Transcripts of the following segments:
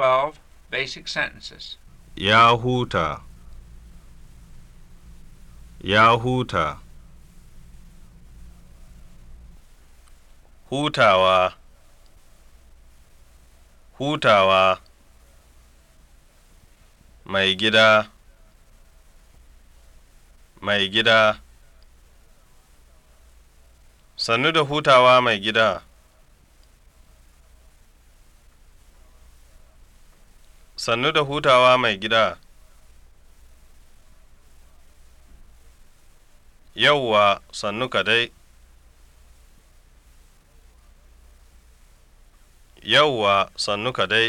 12. Basic sentences. Yahuta, Yahuta, Hutawa. Hutawa. Mai gida. Mai hutawa mai sannu da hutawa mai gida yauwa sannu ka dai yauwa sannu ka dai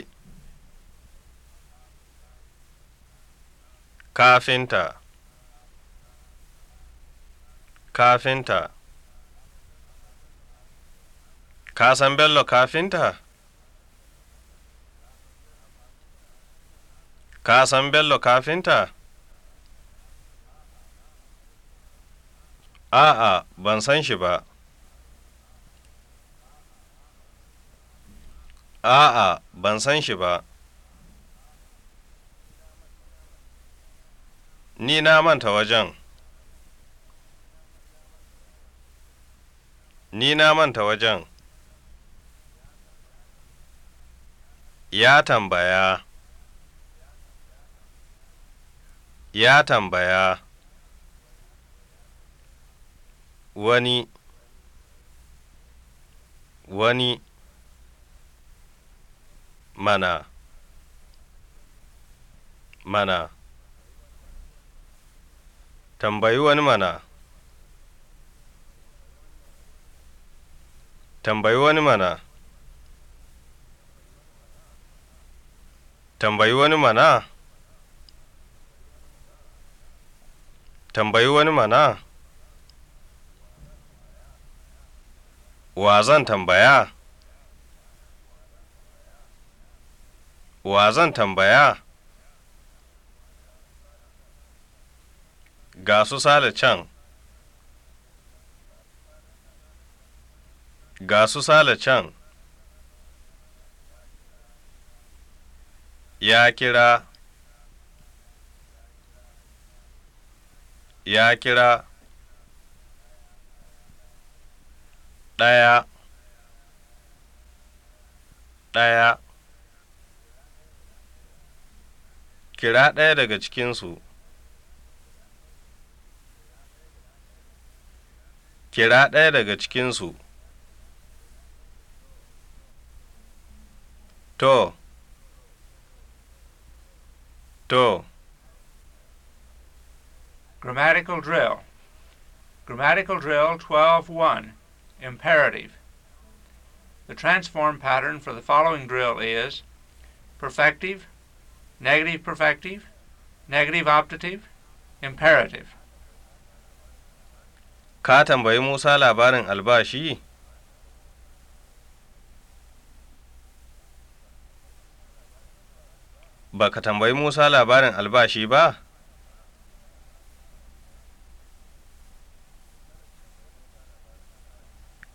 kafinta kafinta ka san bello kafinta Ka san Bello kafinta? A'a, ban san shi ba. A'a, ban san shi ba. Ni na manta wajen. Ni na manta wajen. Ya tambaya. ya tambaya wani wani mana mana tambayi wani mana tambayi wani mana tambayi wani mana tambayi wani mana wa zan tambaya wa zan tambaya ga su sale can ga su sale can ya kira ya kira ɗaya ɗaya kira ɗaya daga cikinsu kira ɗaya daga cikinsu to to Grammatical drill. Grammatical drill 12.1 Imperative. The transform pattern for the following drill is perfective, negative perfective, negative optative, imperative. Ka tambayi Musa labarin albashi? Ba ka tambayi Musa labarin albashi ba?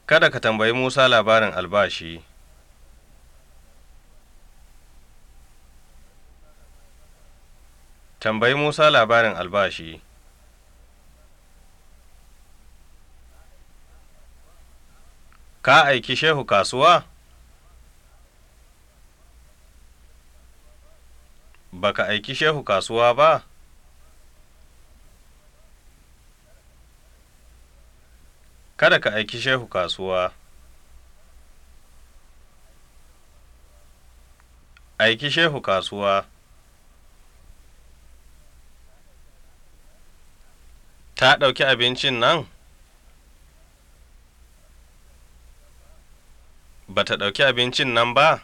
Kada ka tambayi Musa labarin albashi. Tambayi Musa labarin albashi. Ka aiki Shehu kasuwa? Baka aiki Shehu kasuwa ba? Kada ka aiki Shehu kasuwa. Aiki Shehu kasuwa. Ta ɗauki abincin nan? Ba ta ɗauki abincin nan ba?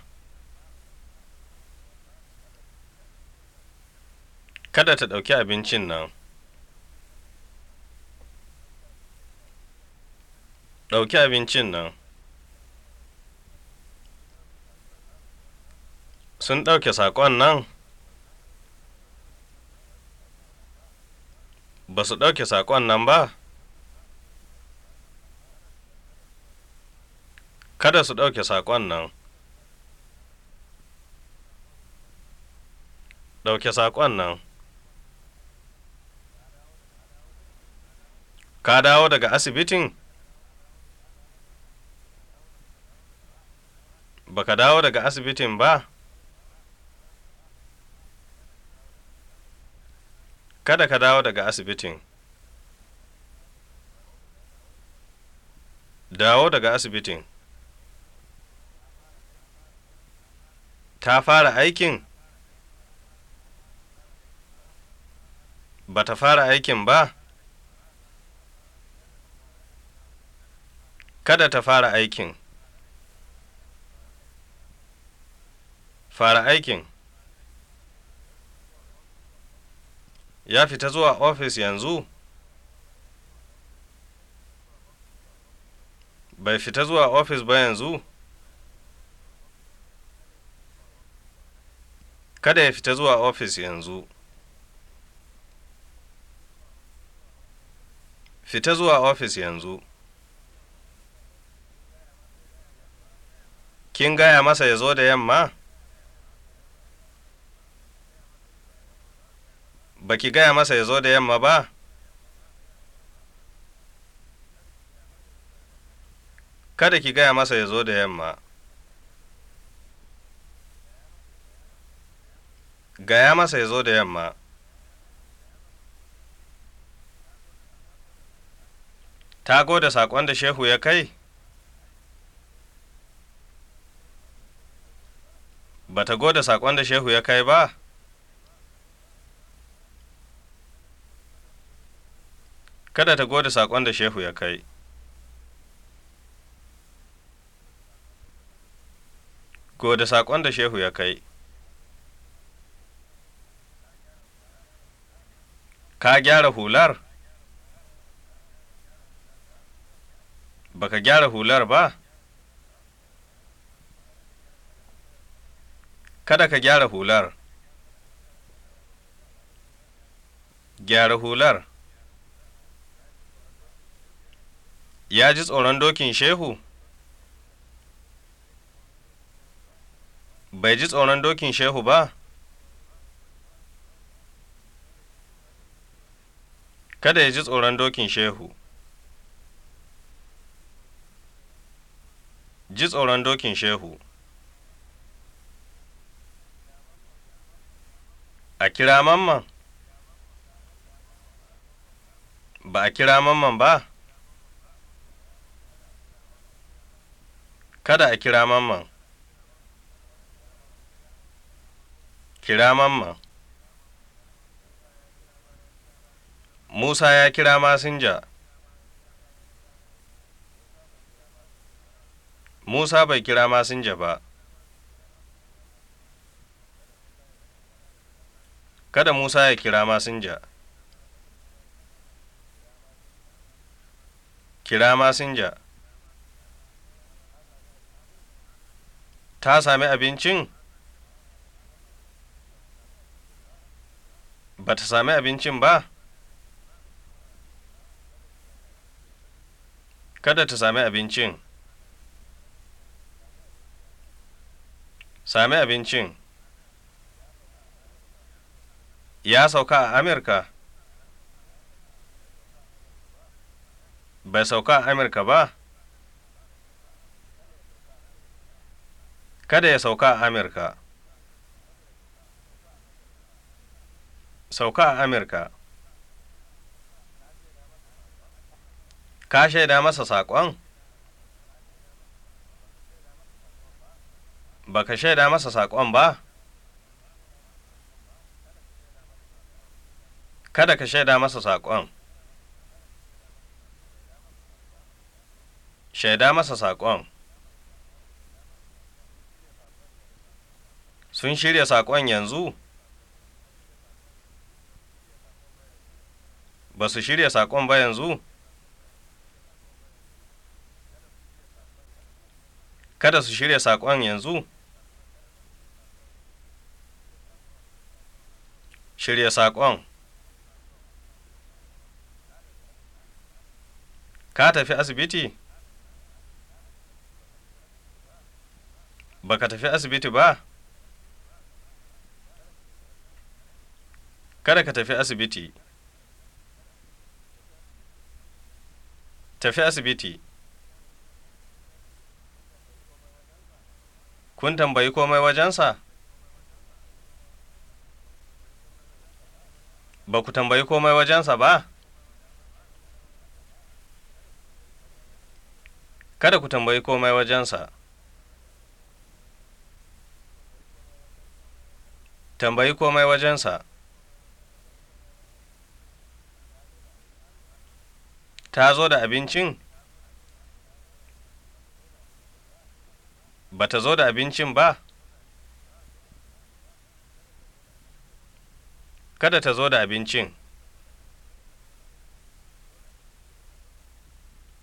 Kada ta ɗauki abincin nan. ɗauki abincin nan sun ɗauke saƙon nan ba su ɗauke saƙon nan ba kada su ɗauke saƙon nan ɗauke saƙon nan ka dawo daga asibitin baka dawo daga asibitin ba kada ka dawo daga asibitin dawo daga asibitin ta fara aikin ba ta fara aikin ba kada ta fara aikin fara aikin ya fita zuwa ofis yanzu bai fita zuwa ofis ba yanzu kada ya fita zuwa ofis yanzu fita zuwa ofis yanzu kin gaya masa ya zo da yamma baki gaya masa ya zo da yamma ba kada ki gaya masa ya zo da yamma gaya masa ya zo da yamma ta da saƙon da shehu ya kai ba ta goda saƙon da shehu ya kai ba kada ta gode saƙon da shehu ya kai gode saƙon da shehu ya kai ka gyara hular baka gyara hular ba kada ka gyara hular gyara hular ya ji tsoron dokin shehu bai ji tsoron dokin shehu ba kada ya ji tsoron dokin shehu ji tsoron dokin shehu a kira mamman ba a kira mamman ba Kada a kira mamman. Kira mamman. Musa ya kira masinja. Musa bai kira masinja ba. Kada Musa ya kira masinja. Kira masinja. ta sami abincin ba ta sami abincin ba kada ta sami abincin sami abincin ya sauka a amurka bai sauka a amurka ba kada ya sauka a amurka sauka a amurka ka shaida masa saƙon ba ka shaida masa saƙon ba kada ka shaida masa saƙon shaida masa saƙon Sun shirya saƙon yanzu? Ba su shirya saƙon ba yanzu? Kada su shirya saƙon yanzu? Shirya saƙon. Ka tafi asibiti? Ba ka tafi asibiti ba? kada ka tafi asibiti tafi asibiti kun tambayi komai wajensa ba ku tambayi komai wajensa ba kada ku tambayi komai wajensa tambayi komai wajensa ta zo da abincin ba ta zo da abincin ba kada ta zo da abincin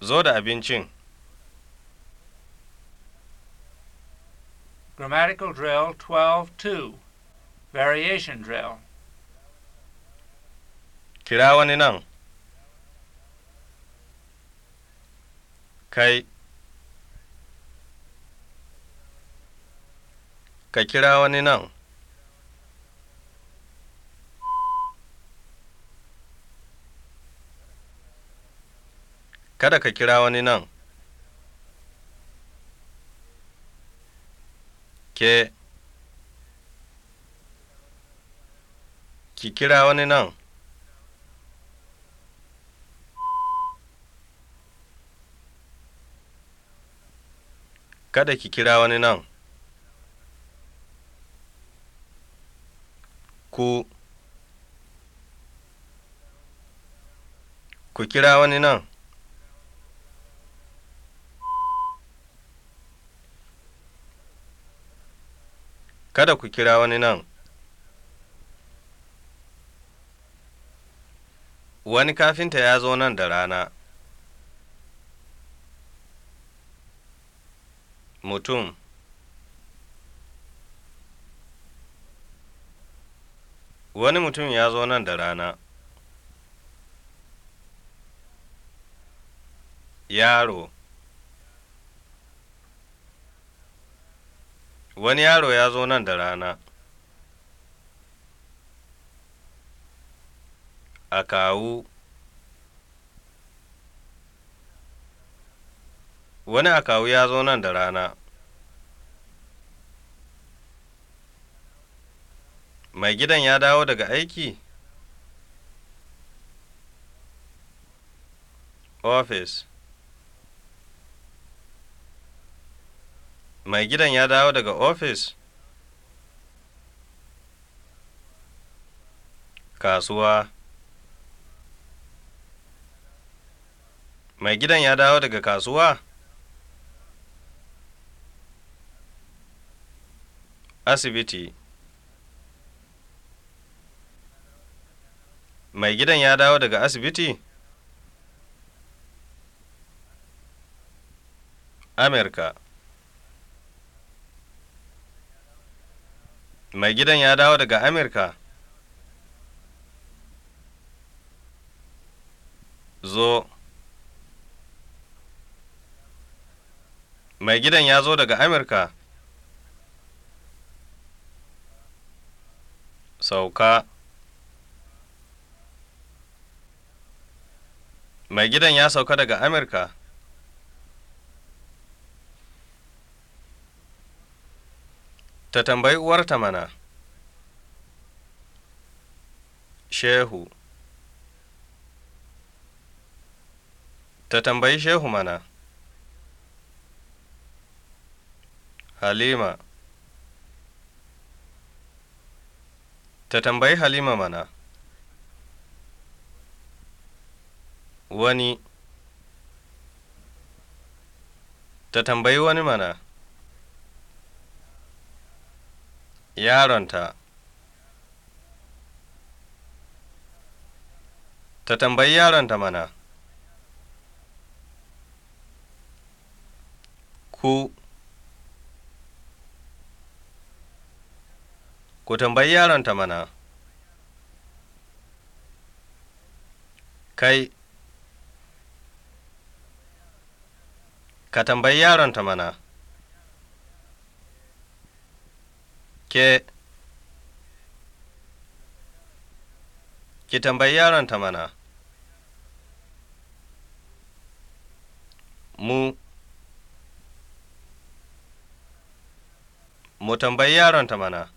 zo da abincin Grammatical Drill 12-2 Variation Drill Kira wani nan kai ka kira wani nan kada ka kira wani nan ke ki kira wani nan kada ki kira wani nan ku ku kira wani nan kada ku kira wani nan wani kafinta ya zo nan da rana mutum wani mutum ya zo nan da rana yaro wani yaro ya zo nan da rana a kawo wani akawu ya zo nan da rana mai gidan ya dawo daga aiki office mai gidan ya dawo daga ofis kasuwa mai gidan ya dawo daga kasuwa asibiti mai gidan ya dawo daga asibiti amerika mai gidan ya dawo daga amerika zo mai gidan ya zo daga amurka sauka mai gidan ya sauka daga amurka ta tambayi uwarta mana shehu ta tambayi shehu mana halima ta tambayi halima mana wani ta tambayi wani mana yaronta ta tambayi yaronta mana ku ku tambayi yaronta mana kai ka tambayi yaronta mana ke ki tambayi yaronta mana mu mu tambayi yaronta mana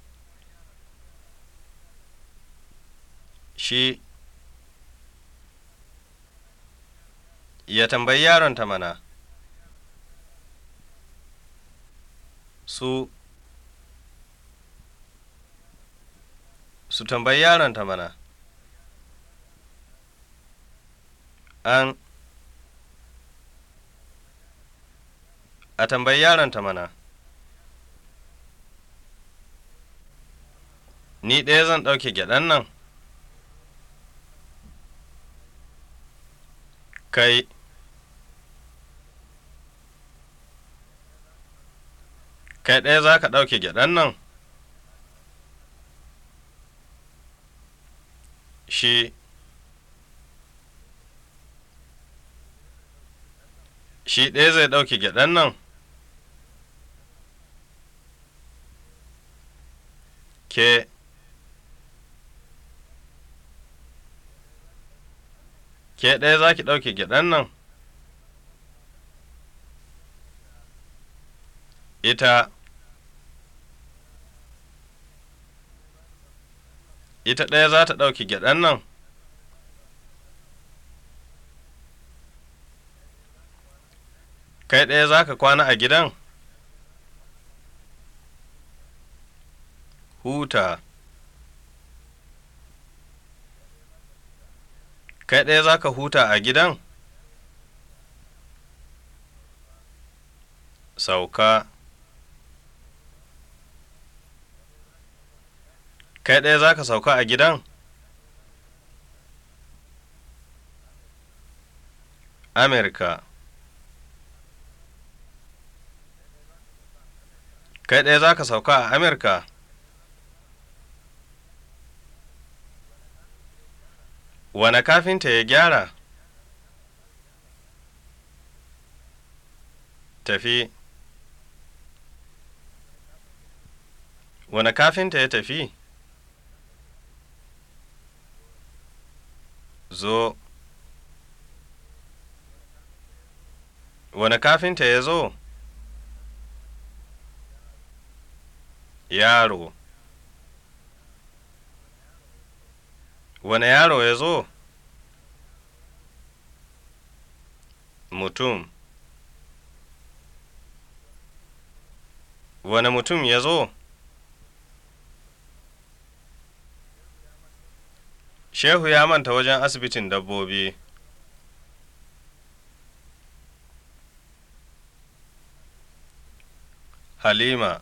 shi ya tambayi yaronta mana su su tambayi yaronta mana an a tambayi yaronta mana ni ɗaya zan ɗauke gyaɗan nan kai kai ɗaya za ka ɗauke gyaɗan nan shi shi ɗaya zai ɗauke gyaɗan nan ke Ke ɗaya za ki ɗauke gyaɗan nan? Ita Ita ɗaya za ta ɗauke gyaɗan nan? Kai ɗaya za ka kwana a gidan? Huta. kai ɗaya za ka huta a gidan? Sauka Kai ɗaya za ka sauka a gidan? Amerika Kai ɗaya za ka sauka a Amerika? Wane kafinta ya gyara? Tafi. Wane kafinta ya tafi? Zo. Wane kafinta ya zo? Yaro. Wane yaro ya zo mutum wani mutum ya zo shehu ya manta wajen asibitin dabbobi halima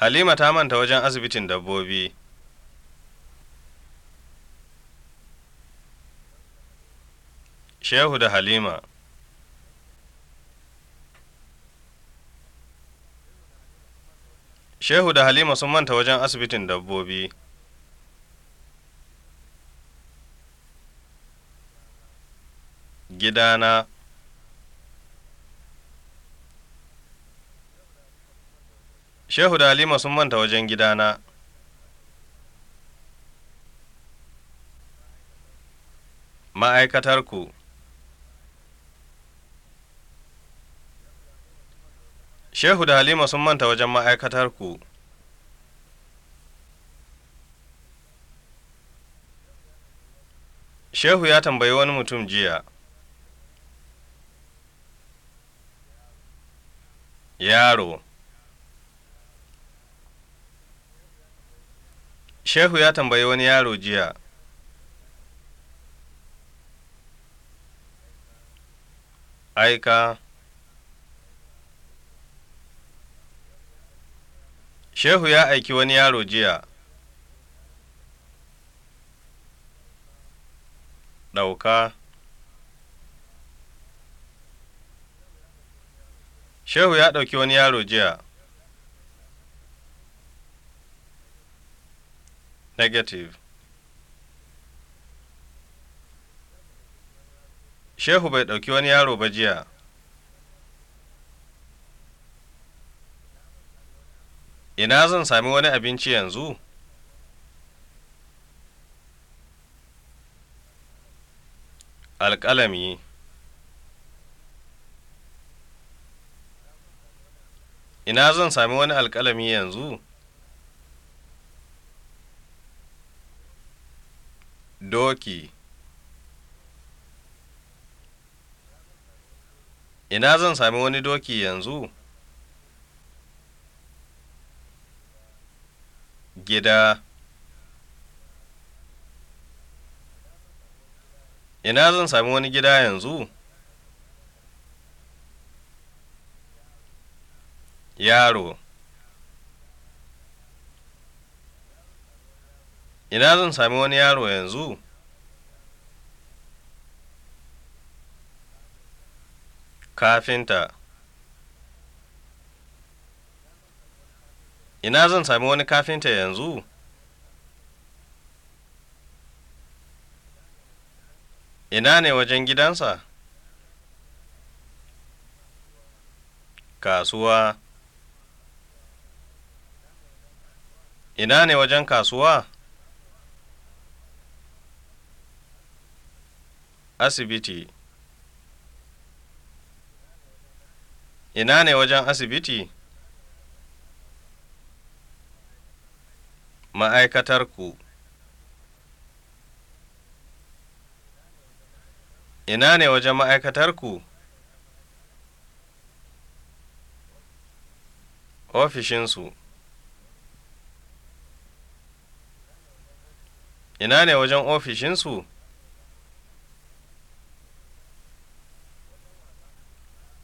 Halima ta manta wajen asibitin dabbobi. Shehu da Halima Shehu da Halima sun manta wajen asibitin dabbobi. Gidana Shehu da Halima sun manta wajen gidana. Ma'aikatarku Shehu da Halima sun manta wajen ma'aikatarku. Shehu ya tambayi wani mutum jiya. Yaro Shehu ya tambayi wani yaro jiya. Aika. Shehu ya aiki wani yaro jiya. Ɗauka. Shehu ya ɗauki wani yaro jiya. Negative Shehu bai ɗauki wani yaro ba jiya. Ina zan sami wani abinci yanzu? Alƙalami Ina zan sami wani alƙalami yanzu? doki ina zan sami wani doki yanzu gida ina zan sami wani gida yanzu yaro ina zan sami wani yaro yanzu kafinta ina zan sami wani kafinta yanzu ina ne wajen gidansa kasuwa ina ne wajen kasuwa asibiti ina ne wajen asibiti ma'aikatarku ina ne wajen ma'aikatarku ofishinsu ina ne wajen ofishinsu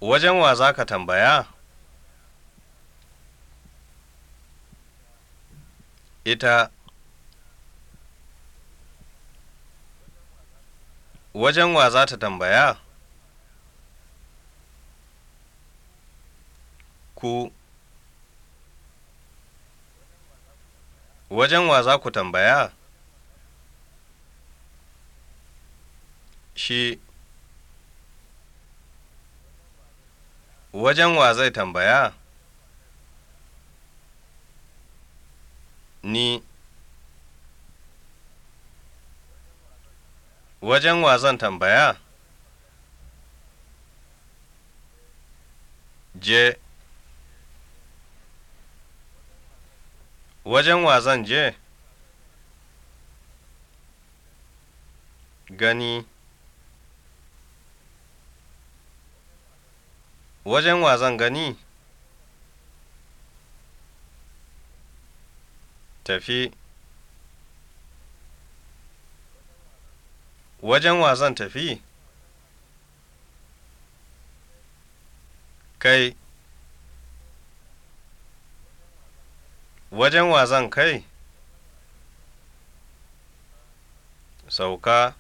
wajen wa za ka tambaya ita wajen wa za ta tambaya ku wajen wa za ku tambaya shi wajen wa zai tambaya ni wajen wa zan tambaya je wajen wa zan je gani wajen wa zan gani tafi wajen wa zan tafi kai wajen wa zan kai sauka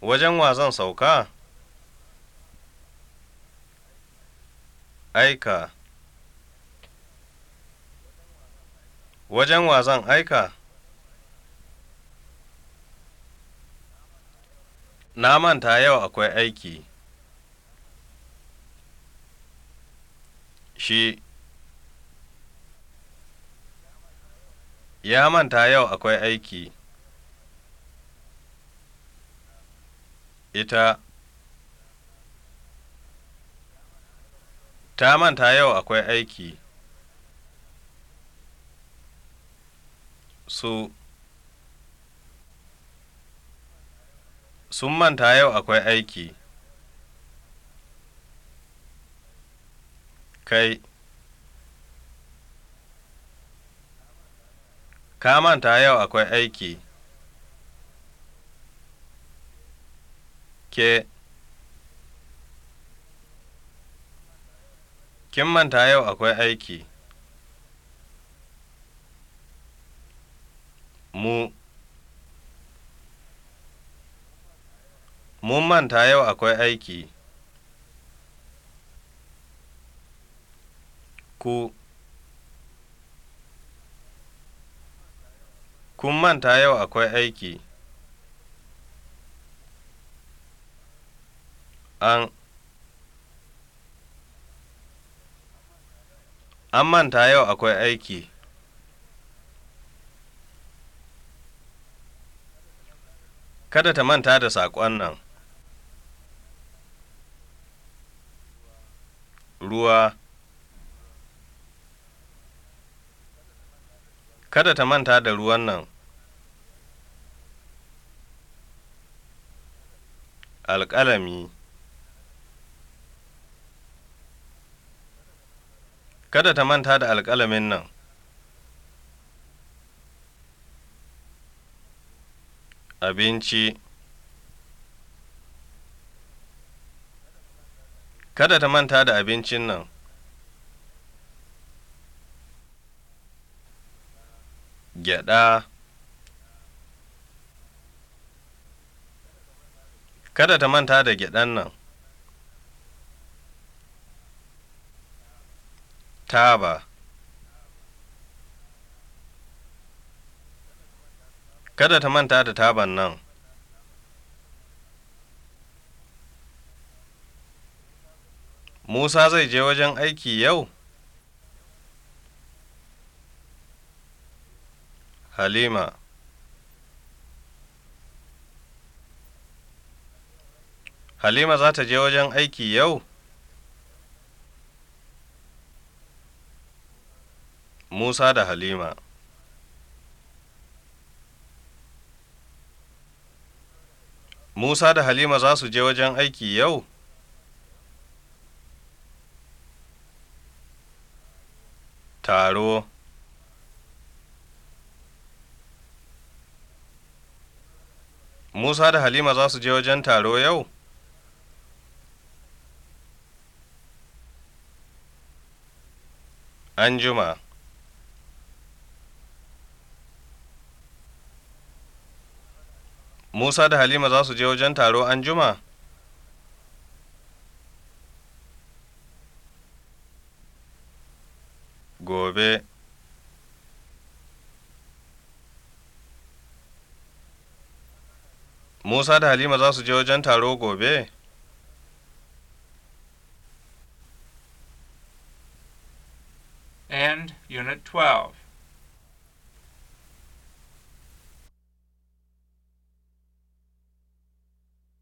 wajen wa zan sauka aika wajen wa zan aika na manta yau akwai aiki shi ya manta yau akwai aiki ita Ta manta yau akwai aiki. Su Sun manta yau akwai aiki. Kai Ka manta yau akwai aiki. Ke Kin manta yau akwai aiki. Mu Mun manta yau akwai aiki. Ku Kun manta yau akwai aiki. An an manta yau akwai aiki kada ta manta da saƙon nan ruwa kada ta manta da ruwan nan alƙalami kada ta manta da alƙalamin nan abinci kada ta manta da abincin nan gyada kada ta manta da gyadan nan taba kada ta manta da taban nan musa zai je wajen aiki yau halima halima za ta je wajen aiki yau Musa da Halima Musa da Halima za su je wajen aiki yau? Taro Musa da Halima za su je wajen taro yau? juma Musa da Halima za su je wajen taro an juma? Gobe Musa da Halima za su je wajen taro gobe? And Unit 12